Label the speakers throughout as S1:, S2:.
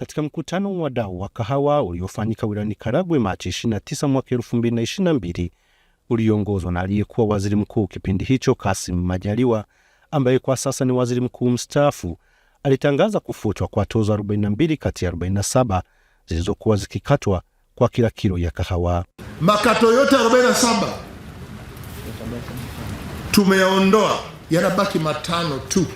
S1: Katika mkutano wa dau wa kahawa uliofanyika wilayani Karagwe Machi 29 mwaka 2022 uliongozwa na aliyekuwa waziri mkuu kipindi hicho Kassim Majaliwa ambaye kwa sasa ni waziri mkuu mstaafu, alitangaza kufutwa kwa tozo 42 kati ya 47 zilizokuwa zikikatwa kwa kila kilo ya kahawa.
S2: Makato yote 47 tumeyaondoa, yanabaki matano tu.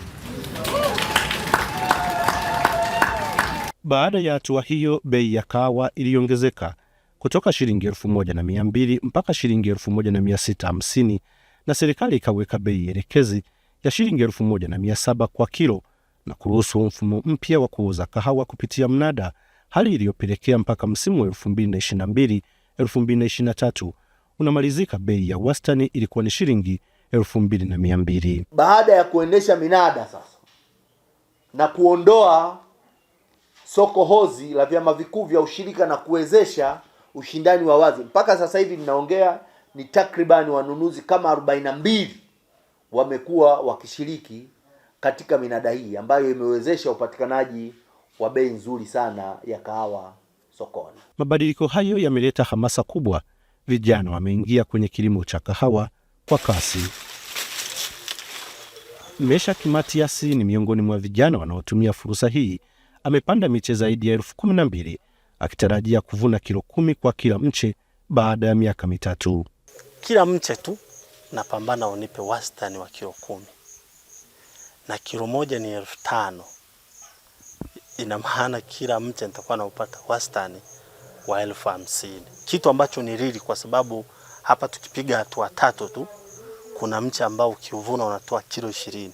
S1: Baada ya hatua hiyo, bei ya kahawa iliongezeka kutoka shilingi elfu moja na mia mbili mpaka shilingi elfu moja na mia sita hamsini na serikali ikaweka bei elekezi ya shilingi elfu moja na mia saba kwa kilo na kuruhusu mfumo mpya wa kuuza kahawa kupitia mnada, hali iliyopelekea mpaka msimu wa na tatu unamalizika bei ya wastani ilikuwa ni shilingi elfu mbili na mia mbili.
S3: Baada ya kuendesha minada sasa na kuondoa soko hozi la vyama vikuu vya ushirika na kuwezesha ushindani wa wazi. Mpaka sasa hivi ninaongea, ni takribani wanunuzi kama arobaini na mbili wamekuwa wakishiriki katika minada hii ambayo imewezesha upatikanaji wa bei nzuri sana ya kahawa sokoni.
S1: Mabadiliko hayo yameleta hamasa kubwa, vijana wameingia kwenye kilimo cha kahawa kwa kasi. mesha kimatiasi ni miongoni mwa vijana wanaotumia fursa hii amepanda miche zaidi ya elfu kumi na mbili akitarajia kuvuna kilo kumi kwa kila mche baada ya miaka mitatu.
S4: Kila mche tu napambana unipe wastani wa kilo kumi na kilo moja ni elfu tano. Ina maana kila mche nitakuwa naupata wastani wa elfu hamsini, kitu ambacho ni rili, kwa sababu hapa tukipiga hatua tatu tu kuna mche ambao ukiuvuna unatoa kilo ishirini.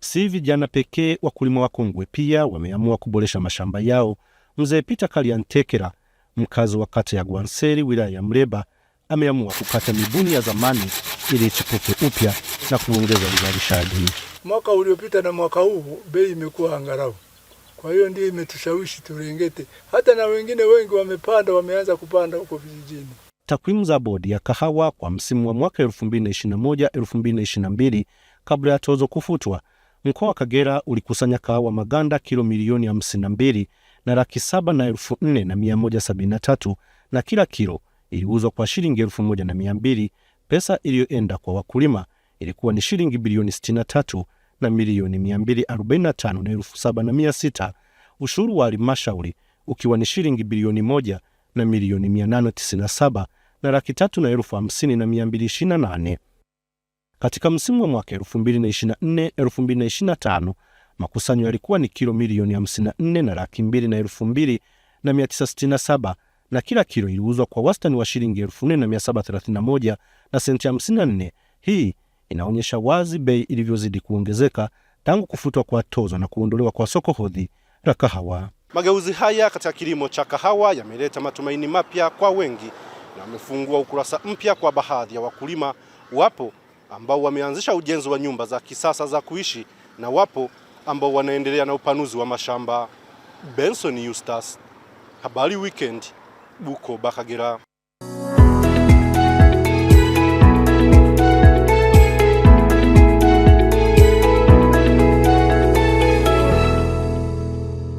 S1: Si vijana pekee, wakulima wakongwe pia wameamua kuboresha mashamba yao. Mzee Peter kaliantekera mkazi wa kata ya Gwanseri, wilaya ya mreba ameamua kukata mibuni ya zamani ili ichipuke upya na kuongeza uzalishaji.
S5: Mwaka uliopita na mwaka huu bei imekuwa angarau kwa hiyo ndio imetushawishi turengete hata na wengine wengi wamepanda, wameanza kupanda huko vijijini.
S1: Takwimu za bodi ya kahawa kwa msimu wa mwaka 2021 2022 kabla ya tozo kufutwa Mkoa wa Kagera ulikusanya kahawa maganda kilo milioni 52 na mbili na laki saba na elfu nne na mia moja sabini na tatu na kila kilo iliuzwa kwa shilingi elfu moja na mia mbili. Pesa iliyoenda kwa wakulima ilikuwa ni shilingi bilioni 63 na tatu na milioni mia mbili arobaini na tano na elfu saba na mia sita, ushuru wa halmashauri ukiwa ni shilingi bilioni moja na milioni mia nane tisini na saba na laki tatu na elfu hamsini na mia mbili ishirini na nane. Katika msimu wa mwaka 2024 2025 makusanyo yalikuwa ni kilo milioni 54 na laki mbili na elfu na na na kila kilo iliuzwa kwa wastani wa shilingi 4731 na na senti 54. Hii inaonyesha wazi bei ilivyozidi kuongezeka tangu kufutwa kwa tozo na kuondolewa kwa soko hodhi la kahawa.
S6: Mageuzi haya katika kilimo cha kahawa yameleta matumaini mapya kwa wengi na wamefungua ukurasa mpya kwa baadhi ya wakulima wapo ambao wameanzisha ujenzi wa nyumba za kisasa za kuishi na wapo ambao wanaendelea na upanuzi wa mashamba. Benson Eustace, Habari Weekend, Bukoba, Kagera.